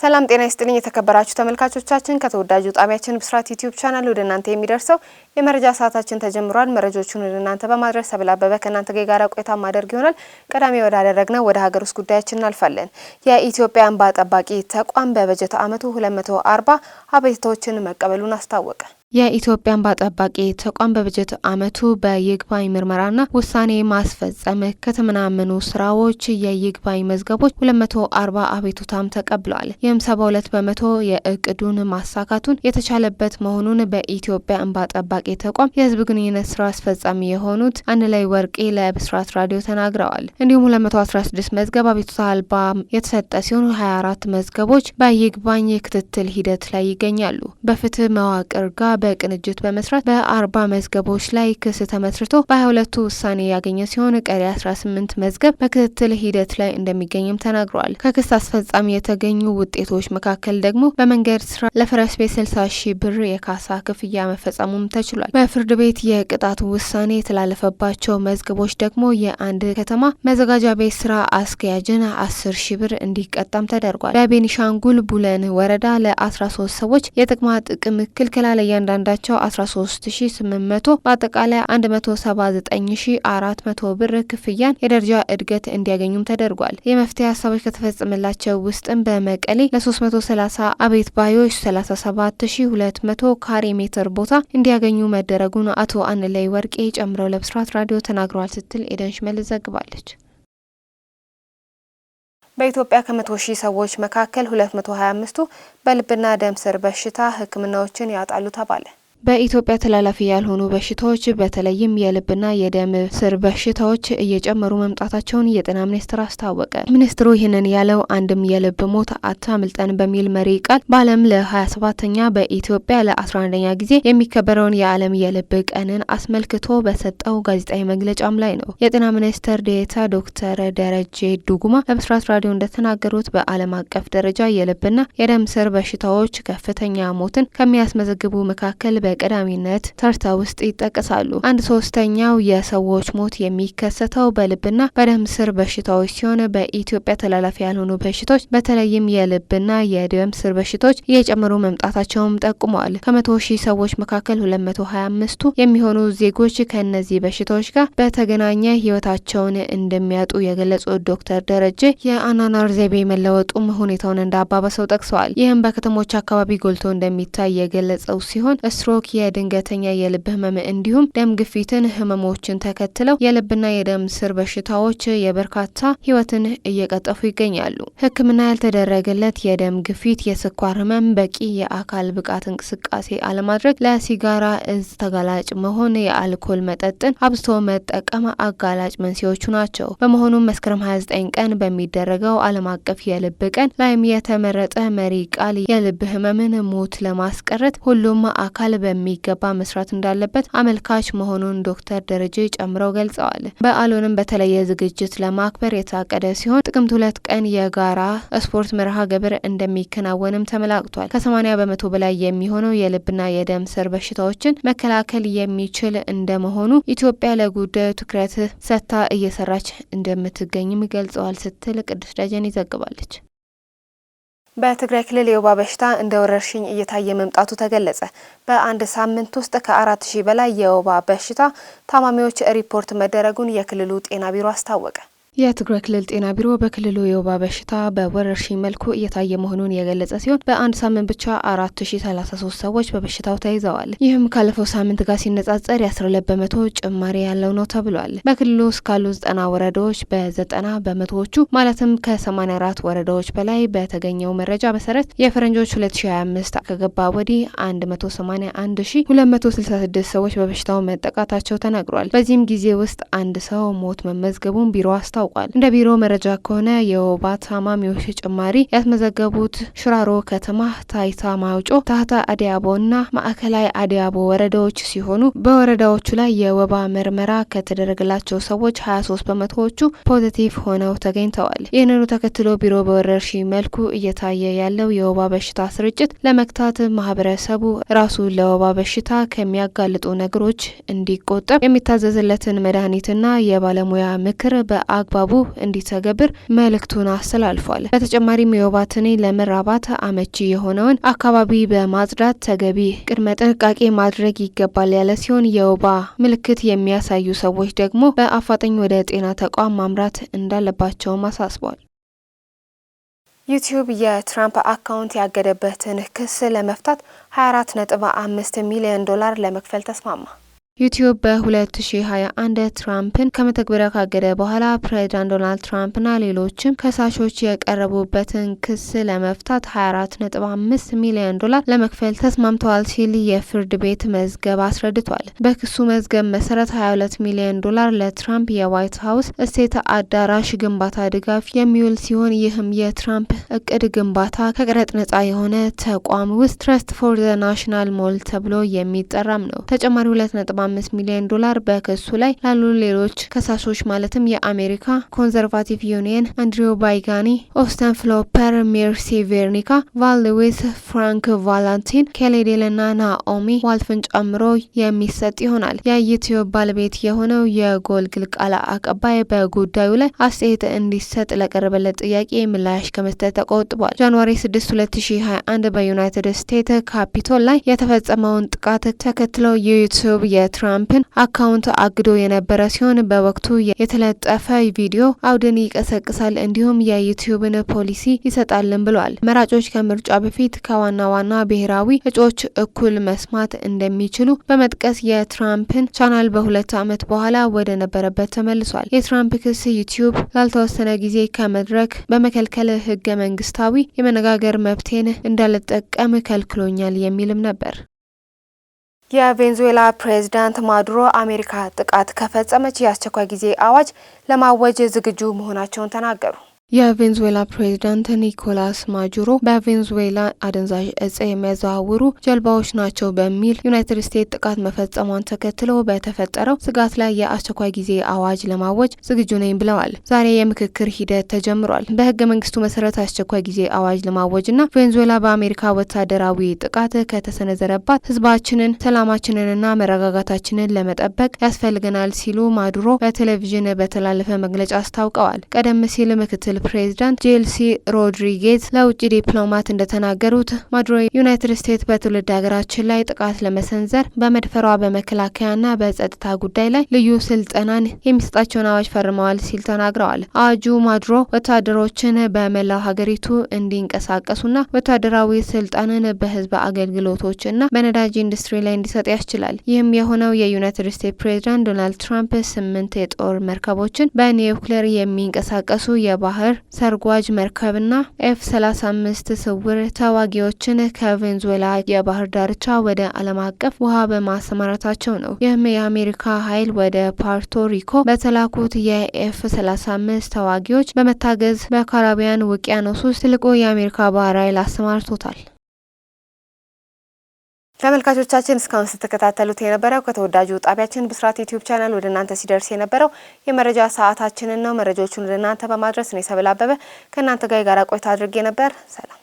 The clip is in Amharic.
ሰላም ጤና ይስጥልኝ የተከበራችሁ ተመልካቾቻችን፣ ከተወዳጁ ጣቢያችን ብስራት ዩቲዩብ ቻናል ወደ እናንተ የሚደርሰው የመረጃ ሰዓታችን ተጀምሯል። መረጃዎቹን ወደ እናንተ በማድረስ ሰብል አበበ ከእናንተ ጋር ቆይታ ማደርግ ይሆናል። ቀዳሚ ወዳደረግነው ወደ ሀገር ውስጥ ጉዳያችን እናልፋለን። የኢትዮጵያ እንባ ጠባቂ ተቋም በበጀት ዓመቱ 240 አቤቱታዎችን መቀበሉን አስታወቀ። የኢትዮጵያ እንባ ጠባቂ ተቋም በበጀት ዓመቱ በይግባኝ ምርመራና ውሳኔ ማስፈጸም ከተመናመኑ ስራዎች የይግባኝ መዝገቦች 240 አቤቱታም ተቀብለዋል። ይህም 72 በመቶ የእቅዱን ማሳካቱን የተቻለበት መሆኑን በኢትዮጵያ እንባ ጠባቂ ተቋም የህዝብ ግንኙነት ስራ አስፈጻሚ የሆኑት አንድ ላይ ወርቄ ለብስራት ራዲዮ ተናግረዋል። እንዲሁም 216 መዝገብ አቤቱታ አልባ የተሰጠ ሲሆን 24 መዝገቦች በይግባኝ ክትትል ሂደት ላይ ይገኛሉ። በፍትህ መዋቅር ጋር በቅንጅት በመስራት በአርባ መዝገቦች ላይ ክስ ተመስርቶ በሀያ ሁለቱ ውሳኔ ያገኘ ሲሆን ቀሪ አስራ ስምንት መዝገብ በክትትል ሂደት ላይ እንደሚገኝም ተናግረዋል። ከክስ አስፈጻሚ የተገኙ ውጤቶች መካከል ደግሞ በመንገድ ስራ ለፈረስ ቤት ስልሳ ሺህ ብር የካሳ ክፍያ መፈጸሙም ተችሏል። በፍርድ ቤት የቅጣት ውሳኔ የተላለፈባቸው መዝገቦች ደግሞ የአንድ ከተማ መዘጋጃ ቤት ስራ አስኪያጅን አስር ሺህ ብር እንዲቀጣም ተደርጓል። በቤኒሻንጉል ቡለን ወረዳ ለአስራ ሶስት ሰዎች የጥቅማ ጥቅም ክልክላ ለእያንዳ እያንዳንዳቸው 13800 በአጠቃላይ 179400 ብር ክፍያን የደረጃ እድገት እንዲያገኙም ተደርጓል። የመፍትሄ ሀሳቦች ከተፈጸመላቸው ውስጥም በመቀሌ ለ330 አቤት ባዮች 37200 ካሬ ሜትር ቦታ እንዲያገኙ መደረጉን አቶ አንላይ ወርቄ ጨምረው ለብስራት ራዲዮ ተናግረዋል ስትል ኤደን ሽመልስ ዘግባለች። በኢትዮጵያ ከመቶ ሺህ ሰዎች መካከል 225ቱ በልብና ደም ስር በሽታ ህክምናዎችን ያጣሉ ተባለ። በኢትዮጵያ ተላላፊ ያልሆኑ በሽታዎች በተለይም የልብና የደም ስር በሽታዎች እየጨመሩ መምጣታቸውን የጤና ሚኒስትር አስታወቀ። ሚኒስትሩ ይህንን ያለው አንድም የልብ ሞት አታምልጠን በሚል መሪ ቃል በዓለም ለ27ኛ በኢትዮጵያ ለ11ኛ ጊዜ የሚከበረውን የዓለም የልብ ቀንን አስመልክቶ በሰጠው ጋዜጣዊ መግለጫም ላይ ነው። የጤና ሚኒስትር ዴኤታ ዶክተር ደረጀ ዱጉማ ለብስራት ራዲዮ እንደተናገሩት በዓለም አቀፍ ደረጃ የልብና የደም ስር በሽታዎች ከፍተኛ ሞትን ከሚያስመዘግቡ መካከል በቀዳሚነት ተርታ ውስጥ ይጠቀሳሉ። አንድ ሶስተኛው የሰዎች ሞት የሚከሰተው በልብና በደም ስር በሽታዎች ሲሆን በኢትዮጵያ ተላላፊ ያልሆኑ በሽታዎች በተለይም የልብና የደም ስር በሽታዎች እየጨመሩ መምጣታቸውም ጠቁመዋል። ከመቶ ሺህ ሰዎች መካከል ሁለት መቶ ሀያ አምስቱ የሚሆኑ ዜጎች ከእነዚህ በሽታዎች ጋር በተገናኘ ህይወታቸውን እንደሚያጡ የገለጹት ዶክተር ደረጀ የአናናር ዘይቤ መለወጡም ሁኔታውን እንዳባባሰው ጠቅሰዋል። ይህም በከተሞች አካባቢ ጎልቶ እንደሚታይ የገለጸው ሲሆን እስሮ ስትሮክ፣ የድንገተኛ የልብ ህመም እንዲሁም ደም ግፊትን ህመሞችን ተከትለው የልብና የደም ስር በሽታዎች የበርካታ ህይወትን እየቀጠፉ ይገኛሉ። ህክምና ያልተደረገለት የደም ግፊት፣ የስኳር ህመም፣ በቂ የአካል ብቃት እንቅስቃሴ አለማድረግ፣ ለሲጋራ እዝ ተጋላጭ መሆን፣ የአልኮል መጠጥን አብዝቶ መጠቀም አጋላጭ መንስኤዎቹ ናቸው። በመሆኑም መስከረም 29 ቀን በሚደረገው ዓለም አቀፍ የልብ ቀን ላይም የተመረጠ መሪ ቃል የልብ ህመምን ሞት ለማስቀረት ሁሉም አካል በ በሚገባ መስራት እንዳለበት አመልካች መሆኑን ዶክተር ደረጀ ጨምረው ገልጸዋል። በዓሉንም በተለየ ዝግጅት ለማክበር የታቀደ ሲሆን ጥቅምት ሁለት ቀን የጋራ ስፖርት መርሃ ግብር እንደሚከናወንም ተመላክቷል። ከሰማኒያ በመቶ በላይ የሚሆነው የልብና የደም ስር በሽታዎችን መከላከል የሚችል እንደመሆኑ ኢትዮጵያ ለጉዳዩ ትኩረት ሰጥታ እየሰራች እንደምትገኝም ገልጸዋል ስትል ቅዱስ ደጀን ይዘግባለች። በትግራይ ክልል የወባ በሽታ እንደ ወረርሽኝ እየታየ መምጣቱ ተገለጸ። በአንድ ሳምንት ውስጥ ከአራት ሺህ በላይ የወባ በሽታ ታማሚዎች ሪፖርት መደረጉን የክልሉ ጤና ቢሮ አስታወቀ። የትግራይ ክልል ጤና ቢሮ በክልሉ የወባ በሽታ በወረርሽኝ መልኩ እየታየ መሆኑን የገለጸ ሲሆን በአንድ ሳምንት ብቻ አራት ሺ ሰላሳ ሶስት ሰዎች በበሽታው ተይዘዋል። ይህም ካለፈው ሳምንት ጋር ሲነጻጸር የአስራ ሁለት በመቶ ጭማሪ ያለው ነው ተብሏል። በክልሉ ውስጥ ካሉ ዘጠና ወረዳዎች በዘጠና በመቶዎቹ ማለትም ከሰማኒያ አራት ወረዳዎች በላይ በተገኘው መረጃ መሰረት የፈረንጆች ሁለት ሺ ሀያ አምስት ከገባ ወዲህ አንድ መቶ ሰማኒያ አንድ ሺ ሁለት መቶ ስልሳ ስድስት ሰዎች በበሽታው መጠቃታቸው ተናግሯል። በዚህም ጊዜ ውስጥ አንድ ሰው ሞት መመዝገቡን ቢሮ አስታ አስታውቋል። እንደ ቢሮ መረጃ ከሆነ የወባ ታማሚዎች ጭማሪ ያስመዘገቡት ሽራሮ ከተማ፣ ታይታ ማውጮ፣ ታህታ አዲያቦ እና ማዕከላዊ አዲያቦ ወረዳዎች ሲሆኑ በወረዳዎቹ ላይ የወባ ምርመራ ከተደረገላቸው ሰዎች 23 በመቶዎቹ ፖዘቲቭ ሆነው ተገኝተዋል። ይህንኑ ተከትሎ ቢሮ በወረርሽኝ መልኩ እየታየ ያለው የወባ በሽታ ስርጭት ለመግታት ማህበረሰቡ ራሱ ለወባ በሽታ ከሚያጋልጡ ነገሮች እንዲቆጠብ የሚታዘዝለትን መድኃኒትና የባለሙያ ምክር በአግ በአግባቡ እንዲተገብር መልእክቱን አስተላልፏል። በተጨማሪም የወባ ትንኝ ለመራባት አመቺ የሆነውን አካባቢ በማጽዳት ተገቢ ቅድመ ጥንቃቄ ማድረግ ይገባል ያለ ሲሆን የወባ ምልክት የሚያሳዩ ሰዎች ደግሞ በአፋጣኝ ወደ ጤና ተቋም ማምራት እንዳለባቸውም አሳስቧል። ዩቲዩብ የትራምፕ አካውንት ያገደበትን ክስ ለመፍታት 24.5 ሚሊዮን ዶላር ለመክፈል ተስማማ። ዩቲዩብ በ2021 ትራምፕን ከመተግበሪያ ካገደ በኋላ ፕሬዚዳንት ዶናልድ ትራምፕና ሌሎችም ከሳሾች የቀረቡበትን ክስ ለመፍታት 24.5 ሚሊዮን ዶላር ለመክፈል ተስማምተዋል ሲል የፍርድ ቤት መዝገብ አስረድቷል። በክሱ መዝገብ መሰረት 22 ሚሊዮን ዶላር ለትራምፕ የዋይት ሀውስ እሴት አዳራሽ ግንባታ ድጋፍ የሚውል ሲሆን ይህም የትራምፕ እቅድ ግንባታ ከቀረጥ ነጻ የሆነ ተቋም ውስጥ ትረስት ፎር ዘ ናሽናል ሞል ተብሎ የሚጠራም ነው። ተጨማሪ 2 አምስት ሚሊዮን ዶላር በክሱ ላይ ላሉ ሌሎች ከሳሾች ማለትም የአሜሪካ ኮንዘርቫቲቭ ዩኒየን አንድሪው ባይጋኒ፣ ኦስተን ፍሎፐር፣ ሜርሲ ቬርኒካ፣ ቫልዊስ፣ ፍራንክ ቫላንቲን፣ ኬሌዴል ና ናኦሚ ዋልፍን ጨምሮ የሚሰጥ ይሆናል። የዩትዩብ ባለቤት የሆነው የጎልግል ቃል አቀባይ በጉዳዩ ላይ አስተያየት እንዲሰጥ ለቀረበለት ጥያቄ ምላሽ ከመስጠት ተቆጥቧል። ጃንዋሪ 6 2021 በዩናይትድ ስቴትስ ካፒቶል ላይ የተፈጸመውን ጥቃት ተከትለው የ የትራምፕን አካውንት አግዶ የነበረ ሲሆን በወቅቱ የተለጠፈ ቪዲዮ አውድን ይቀሰቅሳል እንዲሁም የዩትዩብን ፖሊሲ ይሰጣልን ብሏል። መራጮች ከምርጫ በፊት ከዋና ዋና ብሔራዊ እጩዎች እኩል መስማት እንደሚችሉ በመጥቀስ የትራምፕን ቻናል በሁለት ዓመት በኋላ ወደ ነበረበት ተመልሷል። የትራምፕ ክስ ዩትዩብ ላልተወሰነ ጊዜ ከመድረክ በመከልከል ህገ መንግስታዊ የመነጋገር መብቴን እንዳልጠቀም ከልክሎኛል የሚልም ነበር። የቬንዙዌላ ፕሬዝዳንት ማዱሮ አሜሪካ ጥቃት ከፈጸመች የአስቸኳይ ጊዜ አዋጅ ለማወጅ ዝግጁ መሆናቸውን ተናገሩ። የቬንዙዌላ ፕሬዚዳንት ኒኮላስ ማጁሮ በቬንዙዌላ አደንዛዥ እጽ የሚያዘዋውሩ ጀልባዎች ናቸው በሚል ዩናይትድ ስቴትስ ጥቃት መፈጸሟን ተከትሎ በተፈጠረው ስጋት ላይ የአስቸኳይ ጊዜ አዋጅ ለማወጅ ዝግጁ ነኝ ብለዋል። ዛሬ የምክክር ሂደት ተጀምሯል። በህገ መንግስቱ መሰረት አስቸኳይ ጊዜ አዋጅ ለማወጅና ቬንዙዌላ በአሜሪካ ወታደራዊ ጥቃት ከተሰነዘረባት ህዝባችንን፣ ሰላማችንንና መረጋጋታችንን ለመጠበቅ ያስፈልገናል ሲሉ ማዱሮ በቴሌቪዥን በተላለፈ መግለጫ አስታውቀዋል። ቀደም ሲል ምክትል ፕሬዚዳንት ጄልሲ ሮድሪጌዝ ለውጭ ዲፕሎማት እንደተናገሩት ማዱሮ ዩናይትድ ስቴትስ በትውልድ ሀገራችን ላይ ጥቃት ለመሰንዘር በመድፈሯ በመከላከያና በጸጥታ ጉዳይ ላይ ልዩ ስልጠናን የሚሰጣቸውን አዋጅ ፈርመዋል ሲል ተናግረዋል። አዋጁ ማዱሮ ወታደሮችን በመላው ሀገሪቱ እንዲንቀሳቀሱና ወታደራዊ ስልጣንን በህዝብ አገልግሎቶችና በነዳጅ ኢንዱስትሪ ላይ እንዲሰጥ ያስችላል። ይህም የሆነው የዩናይትድ ስቴትስ ፕሬዚዳንት ዶናልድ ትራምፕ ስምንት የጦር መርከቦችን በኒውክሌር የሚንቀሳቀሱ የባህር ሄሊኮፕተር ሰርጓጅ መርከብና ኤፍ 35 ስውር ተዋጊዎችን ከቬንዙዌላ የባህር ዳርቻ ወደ ዓለም አቀፍ ውሃ በማሰማራታቸው ነው። ይህም የአሜሪካ ኃይል ወደ ፓርቶ ሪኮ በተላኩት የኤፍ 35 ተዋጊዎች በመታገዝ በካራቢያን ውቅያኖስ ውስጥ ትልቁ የአሜሪካ ባህር ኃይል አሰማርቶታል። ተመልካቾቻችን እስካሁን ስትከታተሉት የነበረው ከተወዳጁ ጣቢያችን ብስራት ዩቲዩብ ቻናል ወደ እናንተ ሲደርስ የነበረው የመረጃ ሰዓታችንን ነው። መረጃዎቹን ወደ እናንተ በማድረስ ነው የሰብል አበበ ከእናንተ ጋር የጋራ ቆይታ አድርጌ ነበር። ሰላም